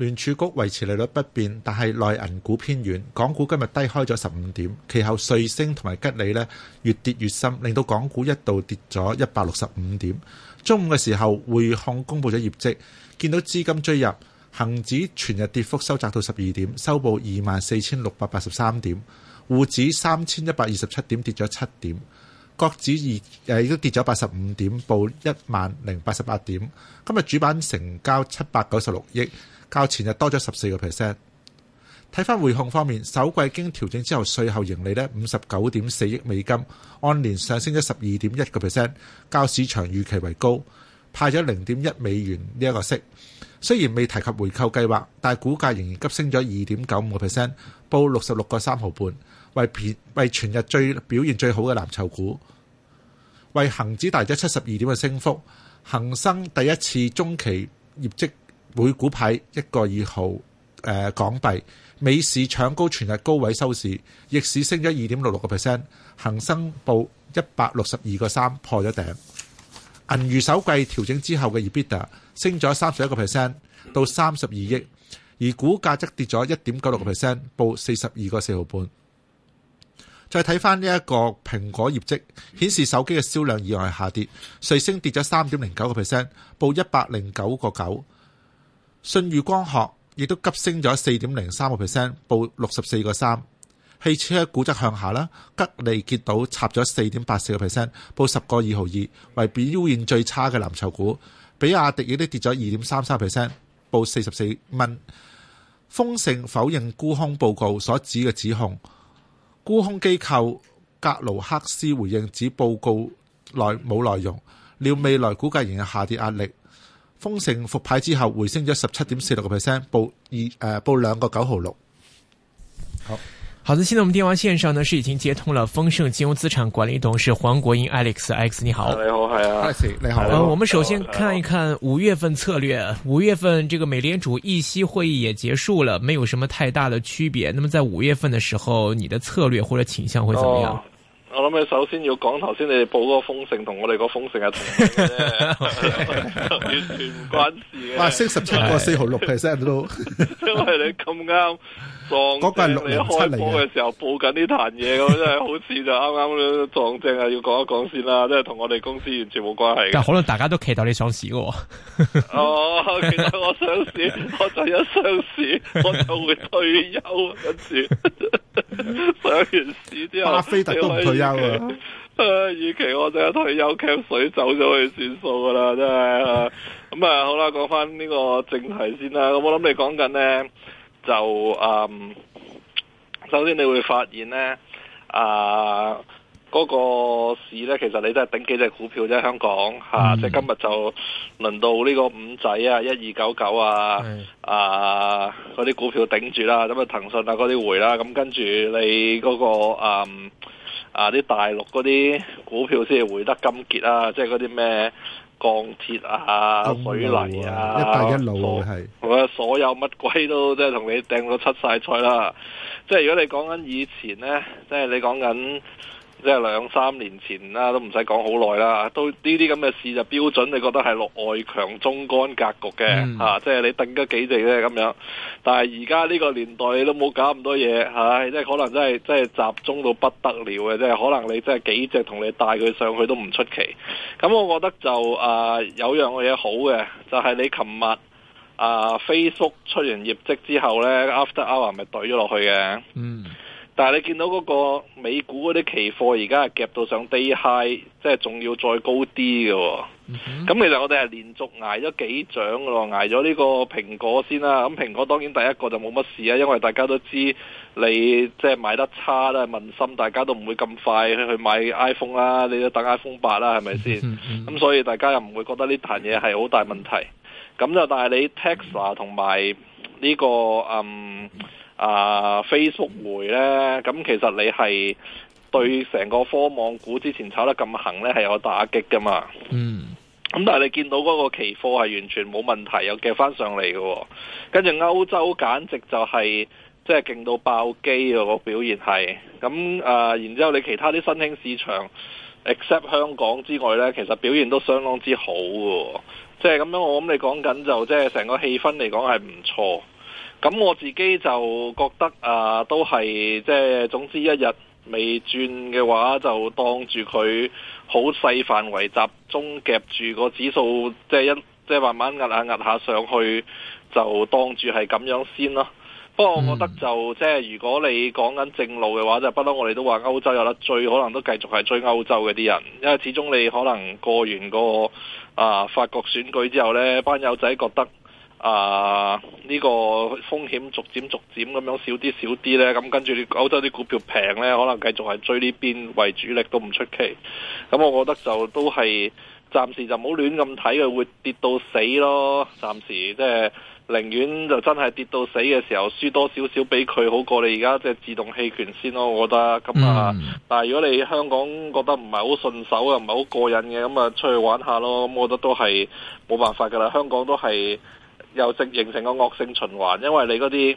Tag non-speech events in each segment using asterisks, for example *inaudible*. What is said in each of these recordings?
聯儲局維持利率不變，但係內銀股偏軟，港股今日低開咗十五點，其後瑞星同埋吉利呢越跌越深，令到港股一度跌咗一百六十五點。中午嘅時候，匯控公布咗業績，見到資金追入，恒指全日跌幅收窄到十二點，收報二萬四千六百八十三點，滬指三千一百二十七點跌咗七點，國指二誒已經、呃、跌咗八十五點，報一萬零八十八點。今日主板成交七百九十六億。較前日多咗十四個 percent。睇翻匯控方面，首季經調整之後稅後盈利咧五十九點四億美金，按年上升咗十二點一個 percent，較市場預期為高。派咗零點一美元呢一個息，雖然未提及回購計劃，但股價仍然急升咗二點九五個 percent，報六十六個三毫半，為片為全日最表現最好嘅藍籌股，為恒指大約七十二點嘅升幅，恒生第一次中期業績。每股派一個二毫誒港幣，美市搶高全日高位收市，逆市升咗二點六六個 percent，恒生報一百六十二個三，破咗頂。銀娛首季調整之後嘅 EBITDA 升咗三十一個 percent 到三十二億，而股價則跌咗一點九六個 percent，報四十二個四毫半。再睇翻呢一個蘋果業績，顯示手機嘅銷量意外下跌，瑞升跌咗三點零九個 percent，報一百零九個九。舜宇光學亦都急升咗四點零三個 percent，報六十四個三。汽車股則向下啦，吉利結島插咗四點八四個 percent，報十個二毫二，為表現最差嘅藍籌股。比亞迪亦都跌咗二點三三 percent，報四十四蚊。豐盛否認沽空報告所指嘅指控，沽空機構格勞克斯回應指報告內冇內容，料未來股價仍有下跌壓力。豐盛復牌之後，回升咗十七點四六個 percent，報二誒、呃、報兩個九毫六。好好的，現在我們電話線上呢是已經接通了豐盛金融資產管理董事黃國英 Alex，Alex Alex, 你好。你好，係啊，啊啊你好。你好，我們首先看一看五月份策略。五月份這個美聯儲議息會議也結束了，沒有什麼太大的區別。那麼在五月份的時候，你的策略或者傾向會怎麼樣？我諗你首先要講頭先你哋報嗰個風盛，同我哋個風盛啊， *laughs* *laughs* 完全唔關事嘅。哇，升十七個四毫六，percent 都， *laughs* 因為你咁啱撞嗰個六，你開波嘅時候報緊呢壇嘢，咁真係好似就啱啱撞正啊！ *laughs* 要講一講先啦，即係同我哋公司完全冇關係。但可能大家都期待你上市嘅。哦，其 *laughs* 實、哦、我,我上市，我就一上市，我就會退休啊！今次。 *laughs* *laughs* 上完市之後，巴菲特幾位 都退休啊期！與其、啊、我就要退休，劇 *laughs* 水走咗去算數噶啦，真係。咁啊， *laughs* 嗯、好啦，講返呢個正題先啦。咁我諗你講緊咧，就嗯，首先你會發現咧，啊。嗰個市咧，其實你都係頂幾隻股票啫、啊，香港吓，嗯、即係今日就輪到呢個五仔啊，一二九九啊，的啊嗰啲股票頂住啦，咁、嗯、啊騰訊啊嗰啲回啦，咁跟住你嗰、那個、嗯、啊啊啲大陸嗰啲股票先係回得金結啊，即係嗰啲咩鋼鐵啊、嗯、水泥啊、一帶一路係、啊，我所，的所有乜鬼都即係同你掟到七晒菜啦，即係如果你講緊以前咧，即係你講緊。即係兩三年前啦，都唔使講好耐啦，都呢啲咁嘅事就標準，你覺得係落外強中乾格局嘅嚇、嗯啊，即係你得嘅幾隻咧咁樣。但係而家呢個年代你都冇搞咁多嘢，係、啊、即係可能真係真係集中到不得了嘅，即係可能你真係幾隻同你帶佢上去都唔出奇。咁我覺得就啊有樣嘢好嘅，就係你琴日啊 Facebook 出完業績之後咧，After Hour 咪懟咗落去嘅。嗯。嗯但係你見到嗰個美股嗰啲期貨而家係夾到上 day high，即係仲要再高啲嘅、哦。咁、嗯、哼其實我哋係連續挨咗幾掌嘅咯，挨咗呢個蘋果先啦。咁、嗯、蘋果當然第一個就冇乜事啊，因為大家都知你即係賣得差啦，問心大家都唔會咁快去去買 iPhone 啦，你都等 iPhone 八啦，係咪先？咁、嗯、哼所以大家又唔會覺得呢壇嘢係好大問題。咁就但係你 Tesla 同埋呢個嗯。嗯啊，Facebook、uh，回呢，咁其實你係對成個科網股之前炒得咁行呢，係有打擊噶嘛。嗯。咁但係你見到嗰個期貨係完全冇問題，又夾翻上嚟嘅、哦。跟住歐洲簡直就係、是、即係勁到爆機啊！那個表現係咁啊，然之後你其他啲新興市場 except 香港之外呢，其實表現都相當之好喎、哦。即係咁樣，我諗你講緊就即係成個氣氛嚟講係唔錯。咁我自己就覺得啊，都係即係總之一日未轉嘅話，就當住佢好細範圍集中夾住個指數，即係一即係慢慢壓下壓下上去，就當住係咁樣先咯。不過我覺得就即係、呃、如果你講緊正路嘅話，就不嬲我哋都話歐洲有得追，可能都繼續係追歐洲嘅啲人，因為始終你可能過完、嗰個啊法國選舉之後呢，班友仔覺得。啊！呢個風險逐漸逐漸咁樣少啲少啲呢。咁跟住你歐洲啲股票平呢，可能繼續係追呢邊為主力都唔出奇。咁我覺得就都係暫時就唔好亂咁睇佢會跌到死咯。暫時即係寧願就真係跌到死嘅時候，輸多少少畀佢好過你而家即係自動棄權先咯。我覺得咁啊，但係如果你香港覺得唔係好順手又唔係好過癮嘅，咁啊出去玩下咯。咁我覺得都係冇辦法㗎啦，香港都係。又成形成個惡性循環，因為你嗰啲，誒、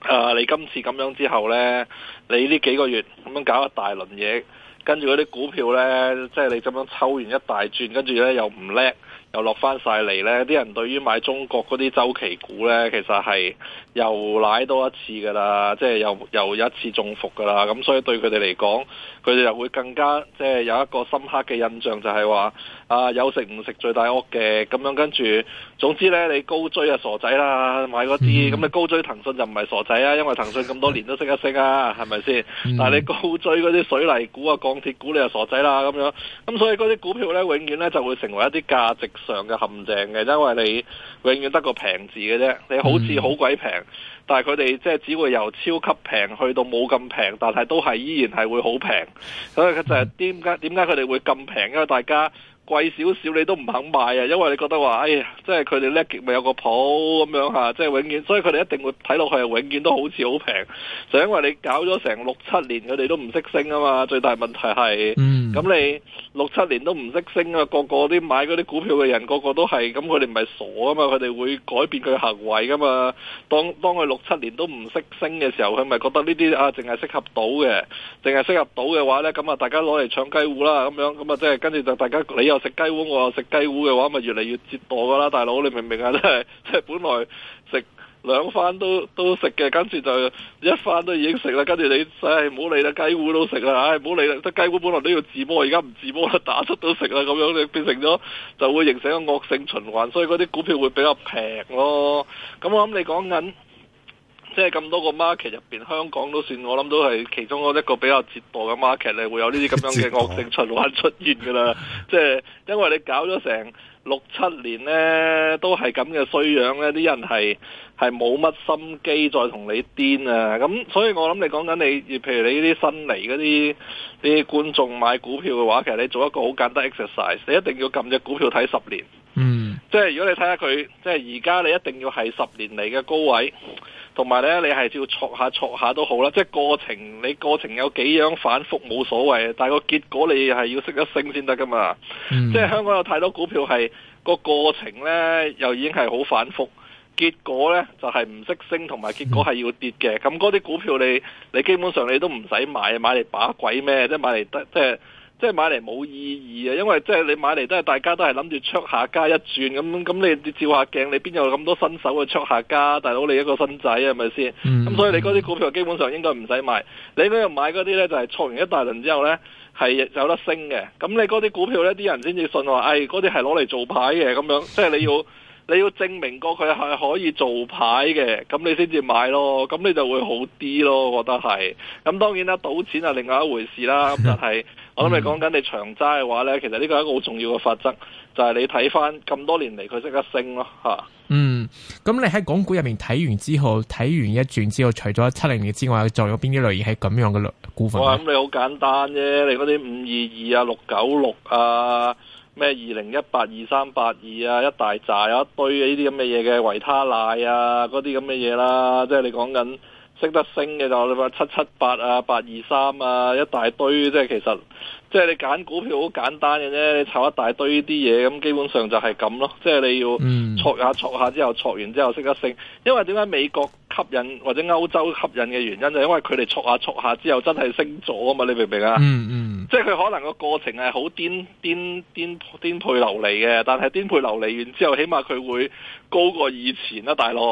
呃，你今次咁樣之後呢，你呢幾個月咁樣搞一大輪嘢，跟住嗰啲股票呢，即係你咁樣抽完一大轉，跟住呢又唔叻，又落翻晒嚟呢。啲人對於買中國嗰啲週期股呢，其實係又瀨多一次㗎啦，即係又又一次中伏㗎啦，咁所以對佢哋嚟講。佢哋又會更加即係有一個深刻嘅印象就，就係話啊有食唔食罪大惡極咁樣跟，跟住總之呢，你高追啊傻仔啦，買嗰啲咁你高追騰訊就唔係傻仔啊，因為騰訊咁多年都識得升啊，係咪先？但係你高追嗰啲水泥股啊、鋼鐵股，你就傻仔啦咁樣。咁、嗯、所以嗰啲股票呢，永遠呢就會成為一啲價值上嘅陷阱嘅，因為你永遠得個平字嘅啫，你好似好鬼平，嗯、但係佢哋即係只會由超級平去到冇咁平，但係都係依然係會好平。所以佢就係點解，點解佢哋會咁平？因為大家貴少少你都唔肯買啊，因為你覺得話，哎呀，即係佢哋叻極，咪有個譜咁樣吓，即係永遠，所以佢哋一定會睇落去，永遠都好似好平，就因為你搞咗成六七年，佢哋都唔識升啊嘛，最大問題係。嗯咁、嗯、你六七年都唔識升啊，個個啲買嗰啲股票嘅人，個個都係咁，佢哋唔係傻啊嘛，佢哋會改變佢行為噶嘛。當當佢六七年都唔識升嘅時候，佢咪覺得呢啲啊，淨係適合到嘅，淨係適合到嘅話呢，咁啊，大家攞嚟搶雞糊啦咁樣，咁啊，即係跟住就大家你又食雞糊，我又食雞糊嘅話，咪越嚟越折墮噶啦！大佬，你明唔明啊？即係即係本來食。兩番都都食嘅，跟住就一番都已經食啦。跟住你唉，唔好理啦，雞糊都食啦，唉、哎，唔好理啦。即係雞糊本來都要自摸，而家唔自摸啦，打出都食啦，咁樣你變成咗就會形成一個惡性循環，所以嗰啲股票會比較平咯。咁、嗯、我諗你講緊即係咁多個 market 入邊，香港都算我諗都係其中一個比較折墮嘅 market 你會有呢啲咁樣嘅惡性循環出現㗎啦。即係、 *laughs* 就是、因為你搞咗成。六七年呢都係咁嘅衰樣，呢啲人係係冇乜心機再同你癲啊！咁所以我諗你講緊你，譬如你呢啲新嚟嗰啲啲觀眾買股票嘅話，其實你做一個好簡單 exercise，你一定要撳隻股票睇十年，嗯，mm. 即係如果你睇下佢，即係而家你一定要係十年嚟嘅高位。同埋咧，你係要戳下戳下都好啦，即係過程，你過程有幾樣反覆冇所謂，但係個結果你係要識得升先得噶嘛。嗯、即係香港有太多股票係個過程咧，又已經係好反覆，結果咧就係唔識升，同埋結果係要跌嘅。咁嗰啲股票你你基本上你都唔使買，買嚟把鬼咩？即係買嚟得即係。即係買嚟冇意義啊！因為即係你買嚟都係大家都係諗住出下家一轉咁，咁你照下鏡，你邊有咁多新手去出下家？大佬你一個新仔係咪先？咁、嗯嗯、所以你嗰啲股票基本上應該唔使買。你嗰日買嗰啲呢，就係錯完一大輪之後呢，係有得升嘅。咁你嗰啲股票呢，啲人先至信話，哎，嗰啲係攞嚟做牌嘅咁樣。即係你要你要證明過佢係可以做牌嘅，咁你先至買咯。咁你就會好啲咯，我覺得係。咁當然啦，賭錢係另外一回事啦，但係。 *laughs* 我諗你講緊你長揸嘅話呢，其實呢個係一個好重要嘅法則，就係、是、你睇返咁多年嚟，佢即刻升咯吓。啊、嗯，咁你喺港股入面睇完之後，睇完一轉之後，除咗七零零之外，仲有邊啲類型係咁樣嘅股？哇，咁你好簡單啫，你嗰啲五二二啊、六九六啊、咩二零一八、二三八二啊、一大扎，有一堆呢啲咁嘅嘢嘅維他奶啊，嗰啲咁嘅嘢啦，即、就、係、是、你講緊。識得升嘅就你話七七八啊、八二三啊，一大堆。即係其實，即係你揀股票好簡單嘅啫，你炒一大堆啲嘢，咁基本上就係咁咯。即係你要戳下戳下之後，戳完之後識得升，因為點解美國？吸引或者歐洲吸引嘅原因就係因為佢哋挫下挫下之後真係升咗啊嘛！你明唔明啊？嗯嗯、mm，hmm。即係佢可能個過程係好顛顛顛顛沛流離嘅，但係顛沛流離完之後起碼佢會高過以前啦，大佬，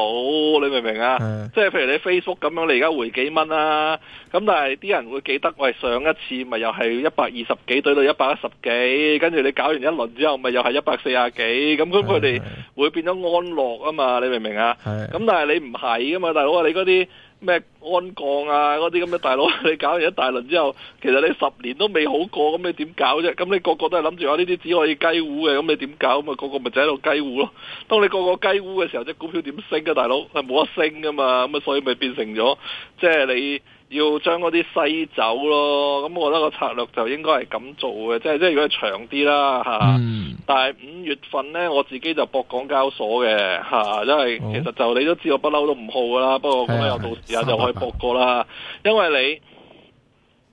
你明唔明啊？Yeah. 即係譬如你 Facebook 咁樣，你而家回幾蚊啦？咁但係啲人會記得，喂，上一次咪又係一百二十幾對到一百一十幾，跟住你搞完一輪之後咪又係一百四啊幾，咁咁佢哋會變咗安樂 Yeah. Yeah. 啊嘛？你明唔明啊？係。咁但係你唔係啊嘛？大佬 *music* 啊，你嗰啲咩安鋼啊，嗰啲咁嘅大佬，你搞完一大輪之後，其實你十年都未好過，咁你點搞啫？咁你個個都係諗住話呢啲只可以雞烏嘅，咁你點搞？咁、那、啊個個咪就喺度雞烏咯。當你個個雞烏嘅時候，隻、那個、股票點升啊？大佬係冇得升噶嘛，咁啊所以咪變成咗即係你，要將嗰啲西走咯，咁、嗯、我覺得個策略就應該係咁做嘅，即係即係如果長啲啦嚇。啊 mm. 但係五月份呢，我自己就博港交所嘅嚇、啊，因為其實就、oh. 你都知，我不嬲都唔好㗎啦。不過咁樣我到時啊，就可以博過啦。因為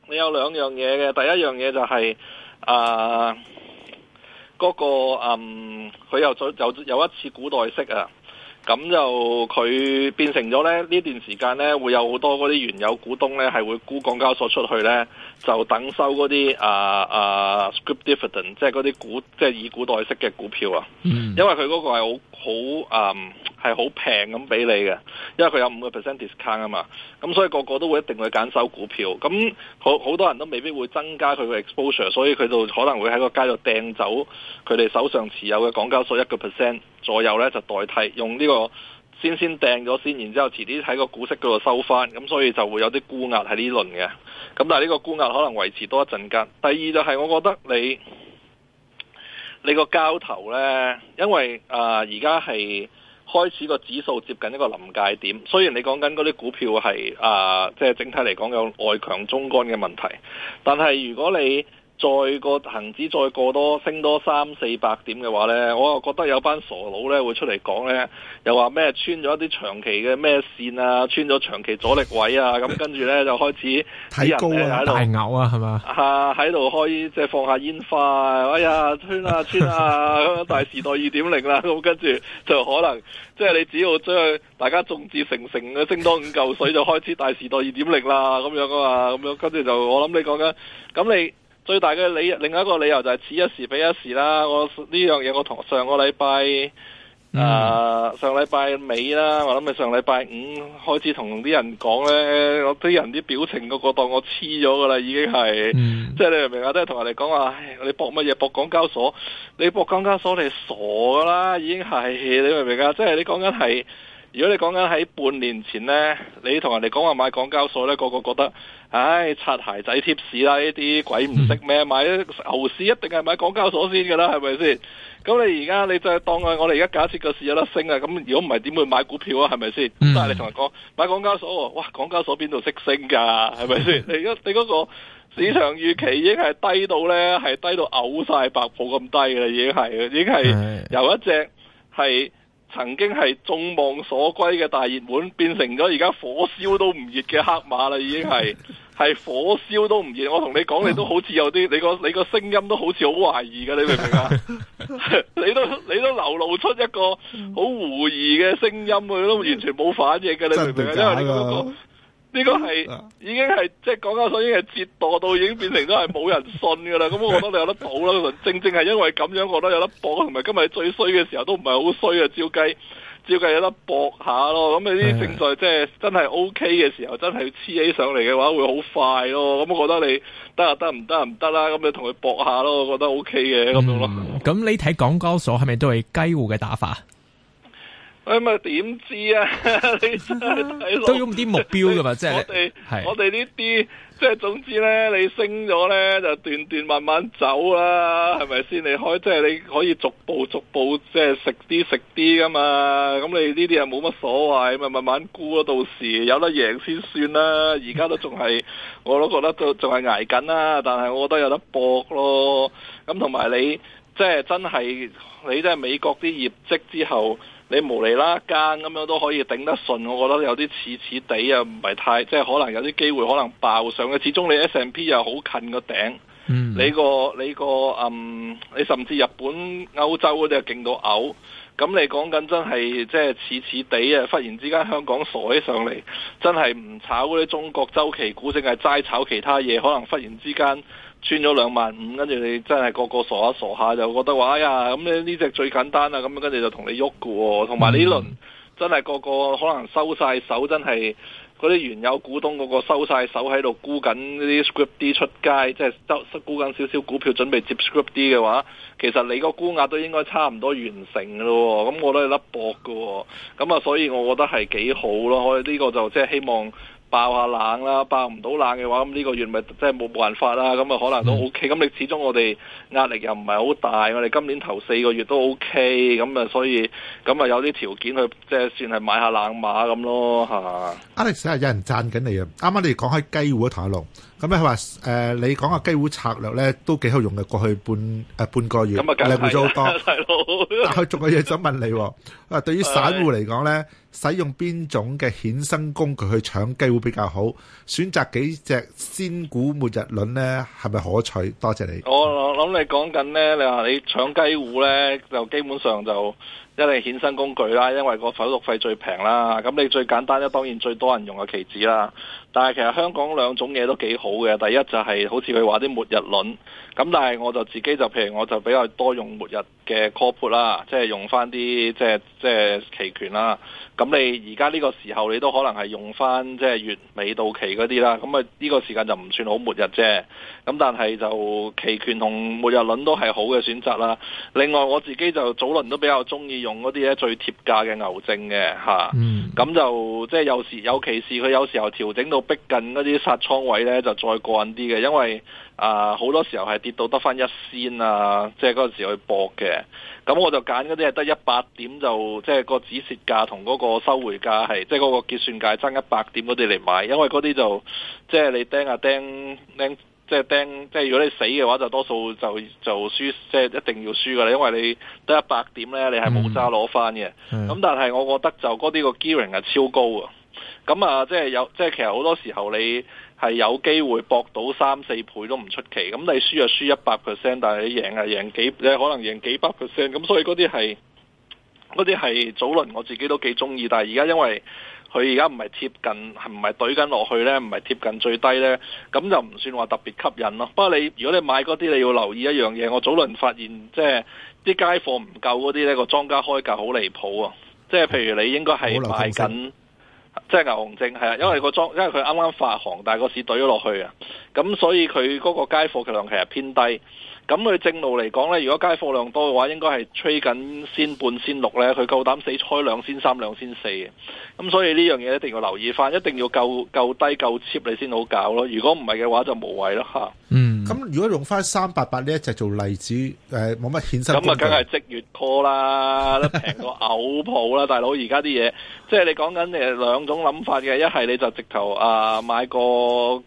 你你有兩樣嘢嘅，第一樣嘢就係、是、啊嗰、那個嗯，佢又再有有一次股代息啊。咁就佢變成咗咧，呢段時間咧會有好多嗰啲原有股東咧係會沽港交所出去咧。就等收嗰啲啊啊、uh, uh, scrip dividend，即係嗰啲股，即係以股代息嘅股票啊、mm. um,，因為佢嗰個係好好啊，係好平咁俾你嘅，因為佢有五個 percent discount 啊嘛，咁所以個個都會一定會揀收股票，咁好好多人都未必會增加佢嘅 exposure，所以佢就可能會喺個街度掟走佢哋手上持有嘅港交所一個 percent 左右呢，就代替用呢個先先掟咗先，然之後遲啲喺個股息嗰度收翻，咁所以就會有啲沽壓喺呢輪嘅。咁但係呢個沽壓可能維持多一陣間。第二就係我覺得你你個交投呢，因為啊而家係開始個指數接近一個臨界點。雖然你講緊嗰啲股票係啊，即、呃、係、就是、整體嚟講有外強中乾嘅問題，但係如果你再個恒指再過多升多三四百點嘅話呢，我又覺得有班傻佬呢會出嚟講呢，又話咩穿咗一啲長期嘅咩線啊，穿咗長期阻力位啊，咁跟住呢，就開始睇人咧喺度牛啊，係嘛啊，喺度開即係放下煙花，哎呀穿啊穿啊，穿啊 *laughs* 咁樣大時代二點零啦，咁跟住就可能即係你只要將大家眾志成城升多五嚿水就開始大時代二點零啦，咁樣啊嘛，咁樣跟住就我諗你講緊咁你。最大嘅理由，另外一個理由就係、是、此一時彼一時啦。我呢樣嘢，我同上個禮拜，啊、呃、上禮拜尾啦，我諗咪上禮拜五開始同啲人講咧，我啲人啲表情、那個個當我黐咗噶啦，已經係、嗯，即係你明唔明啊？即係同人哋講話，你博乜嘢？博港交所，你博港交所你傻噶啦，已經係你明唔明啊？即係你講緊係。如果你講緊喺半年前呢，你同人哋講話買港交所呢，個個覺得，唉、哎，擦鞋仔貼士啦！呢啲鬼唔識咩，買牛市一定係買港交所先㗎啦，係咪先？咁你而家你就當啊，我哋而家假設個市有得升啊，咁如果唔係點會買股票啊？係咪先？嗯、但係你同人講買港交所喎，哇，港交所邊度識升㗎？係咪先？你一你嗰個市場預期已經係低到呢，係低到嘔晒白布咁低啦，已經係，已經係有一隻係。曾經係眾望所歸嘅大熱門，變成咗而家火燒都唔熱嘅黑馬啦，已經係係 *laughs* 火燒都唔熱。我同你講，你都好似有啲，你個你個聲音都好似好懷疑嘅，你明唔明啊？ *laughs* *laughs* 你都你都流露出一個好狐疑嘅聲音，佢都完全冇反應嘅， *laughs* 你明唔明啊？ *laughs* 因為你個、那個。啊？呢個係已經係即係港交所，已經係折墮到已經變成都係冇人信噶啦。咁 *laughs* 我覺得你有得搏啦， *laughs* 正正係因為咁樣，覺得有得搏，同埋今日最衰嘅時候都唔係好衰嘅。照計，照計有得搏下咯。咁你啲正在即、就、係、是、真係 O K 嘅時候，真係要黐起上嚟嘅話，會好快咯。咁我覺得你得啊，得唔得唔得啦。咁你同佢搏下咯，我覺得 O K 嘅咁樣咯。咁、嗯、你睇港交所係咪都係雞戶嘅打法？誒，咪點知啊？ *laughs* 你真都用啲目標噶嘛？即係我哋，我哋呢啲，即係總之咧， *laughs* 你升咗咧就斷斷慢慢走啦，係咪先你開？即係你可以逐步逐步，即係食啲食啲噶嘛。咁你呢啲又冇乜所謂，咪慢慢沽啊。到時有得贏先算啦。而家都仲係，我都覺得都仲係捱緊啦。但係我覺得有得搏咯。咁同埋你，即係真係你即係美國啲業績之後。你無釐啦間咁樣都可以頂得順，我覺得有啲似似地啊，又唔係太即係可能有啲機會可能爆上嘅。始終你 S&P 又好近頂、嗯、個頂，你個你個嗯，你甚至日本、歐洲嗰啲又勁到嘔。咁你講緊真係即係似似地啊！忽然之間香港傻起上嚟，真係唔炒嗰啲中國周期股，淨係齋炒其他嘢，可能忽然之間。穿咗兩萬五，跟住你真係個個傻下傻下，就覺得話哎呀，咁咧呢隻最簡單啦，咁跟住就同你喐㗎喎。同埋呢輪真係個個可能收晒手，真係嗰啲原有股東個個收晒手喺度沽緊啲 script D 出街，即係收沽緊少少股票準備接 script D 嘅話，其實你個沽額都應該差唔多完成嘅咯。咁、嗯、我都得甩得搏喎，咁、嗯、啊，所以我覺得係幾好咯。我、這、呢個就即係希望。爆下冷啦，爆唔到冷嘅話，咁、這、呢個月咪即係冇冇辦法啦。咁啊，可能都 O K。咁、嗯、你始終我哋壓力又唔係好大，我哋今年頭四個月都 O K。咁啊，所以咁啊有啲條件去即係算係買下冷馬咁咯嚇。哈哈阿力先係有人贊緊你啊！啱啱你哋講開雞股台龍。咁咧，話誒，你講個雞股策略咧都幾好用嘅。過去半誒、呃、半個月，利潤都好多。 *laughs* 但仲有嘢想問你，啊， *laughs* 對於散戶嚟講咧，使用邊種嘅衍生工具去搶雞股比較好？選擇幾隻仙股末日輪咧，係咪可取？多謝你。我諗你講緊咧，你話你搶雞股咧，就基本上就。一定係衍生工具啦，因為個手續費最平啦，咁你最簡單咧當然最多人用嘅期指啦，但係其實香港兩種嘢都幾好嘅，第一就係好似佢話啲末日輪，咁但係我就自己就譬如我就比較多用末日嘅 call put 啦，即係用翻啲即係即係期權啦。咁你而家呢個時候，你都可能係用翻即係月尾到期嗰啲啦。咁啊，呢個時間就唔算好末日啫。咁但係就期權同末日輪都係好嘅選擇啦。另外我自己就早輪都比較鍾意用嗰啲咧，最貼價嘅牛證嘅嚇。咁、啊嗯、就即係、就是、有時尤其是佢有時候調整到逼近嗰啲殺倉位咧，就再過癮啲嘅，因為。啊，好多時候係跌到得翻一仙啊，即係嗰陣時去搏嘅。咁我就揀嗰啲係得一百點就，即係個止蝕價同嗰個收回價係，即係嗰個結算價爭一百點嗰啲嚟買。因為嗰啲就，即係你釘啊釘釘，即係釘，即係如果你死嘅話，就多數就就輸，即係一定要輸㗎啦。因為你得一百點咧，你係冇揸攞翻嘅。咁，嗯，但係我覺得就嗰啲個 gearing 係超高啊。咁啊，即係有，即係其實好多時候你。係有機會博到三四倍都唔出奇，咁你輸啊輸一百 percent，但係你贏啊贏幾，你可能贏幾百 percent，咁所以嗰啲係嗰啲係早輪我自己都幾中意，但係而家因為佢而家唔係貼近，係唔係對緊落去呢？唔係貼近最低呢？咁就唔算話特別吸引咯。不過你如果你買嗰啲，你要留意一樣嘢，我早輪發現即係啲街貨唔夠嗰啲呢個莊家開價好離譜喎、啊，即係譬如你應該係買緊，即係牛熊證，係啊，因為個莊因為佢啱啱發行，但係個市懟咗落去啊，咁所以佢嗰個街貨嘅量其實偏低。咁佢正路嚟講呢，如果街貨量多嘅話，應該係吹緊先半先六呢。佢夠膽死吹兩先三兩先四嘅。咁所以呢樣嘢一定要留意翻，一定要夠夠低，夠，低夠 cheap 你先好搞咯。如果唔係嘅話就無謂咯吓。嗯。咁、嗯、如果用翻三八八呢一隻做例子，誒冇乜衍生。咁啊，梗係即月 call 啦，平過嘔鋪啦，大佬！而家啲嘢，即係你講緊誒兩種諗法嘅，一係你就直頭啊、呃、買個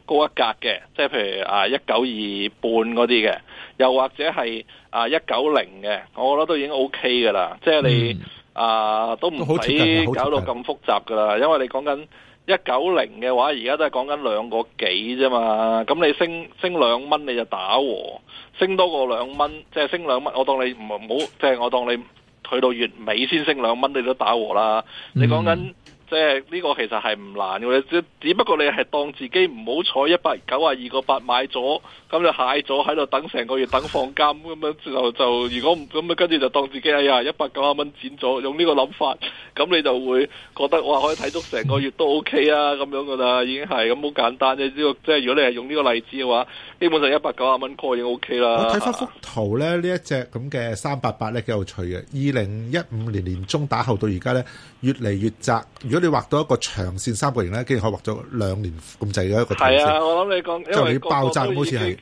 高一格嘅，即係譬如啊一九二半嗰啲嘅，又或者係啊一九零嘅，我覺得都已經 O K 嘅啦。嗯、即係你啊、呃，都唔使搞到咁複雜噶啦，因為你講緊。一九零嘅話，而家都係講緊兩個幾啫嘛，咁你升升兩蚊你就打和，升多個兩蚊，即係升兩蚊，我當你唔好即係我當你去到月尾先升兩蚊，你都打和啦。你講緊即係呢個其實係唔難嘅，只不過你係當自己唔好彩一百九啊二個八買咗。咁就蝦咗喺度等成個月等放監咁樣之後，就就如果唔咁啊，跟住就當自己哎呀一百九啊蚊剪咗，用呢個諗法，咁你就會覺得我啊可以睇足成個月都 OK 啊咁樣噶啦，已經係咁好簡單啫。呢個即係如果你係用呢個例子嘅話，基本上一百九啊蚊蓋已經 OK 啦。我睇翻幅圖咧，呢一隻咁嘅三八八咧幾有趣嘅。二零一五年年中打後到而家咧，越嚟越窄。如果你畫到一個長線三角形咧，竟然可以畫咗兩年咁滯嘅一個。係啊，我諗你講，因為個爆炸，好似係。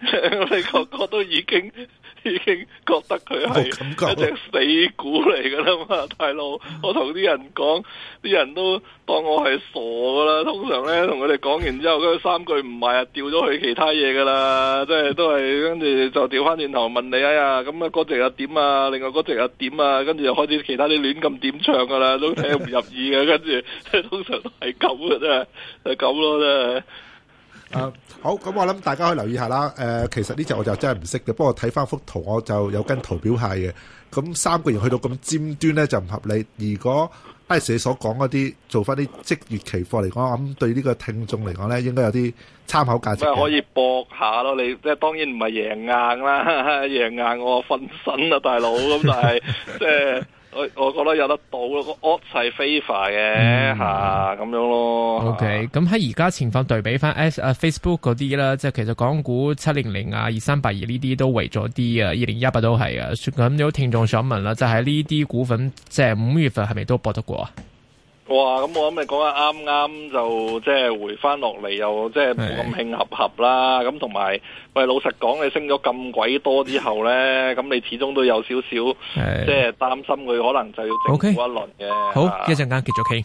我哋個個都已經已經覺得佢係一隻死股嚟噶啦嘛，大佬。我同啲人講，啲人都當我係傻噶啦。通常咧，同佢哋講完之後，佢三句唔係啊，掉咗去其他嘢噶啦。即係都係跟住就掉翻轉頭問你哎呀，咁啊嗰隻又點啊，另外嗰隻又點啊，跟住又開始其他啲亂咁點唱噶啦，都聽唔入耳嘅。跟住通常都係咁噶，咋係咁咯，真係。誒，嗯 uh, 好，咁我諗大家可以留意下啦。誒、呃，其實呢隻我就真係唔識嘅，不過睇翻幅圖我就有跟圖表係嘅。咁三個月去到咁尖端咧就唔合理。如果當時你所講嗰啲做翻啲即月期貨嚟講，咁對呢個聽眾嚟講咧，應該有啲參考價值。咁啊，可以搏下咯，你即係當然唔係贏硬啦，贏硬我瞓身啦，大佬咁，但係即係。 *laughs* *laughs* 我我覺得有得到咯，個 odds 係飛嘅吓，咁、嗯啊、樣咯。OK，咁喺而家情況對比翻 S、哎、啊 Facebook 嗰啲啦，即係其實港股七零零啊、二三八二呢啲都圍咗啲啊，二零一八都係啊。咁有聽眾想問啦，就係呢啲股份即係五月份係咪都搏得過？哇！咁、嗯、我諗你講下啱啱，剛剛就即係回翻落嚟，又即係冇咁慶合合啦。咁同埋，喂，老實講，你升咗咁鬼多之後咧，咁你始終都有少少，即係擔心佢可能就要整好一輪嘅。Okay. 啊、好，一陣間結咗氣。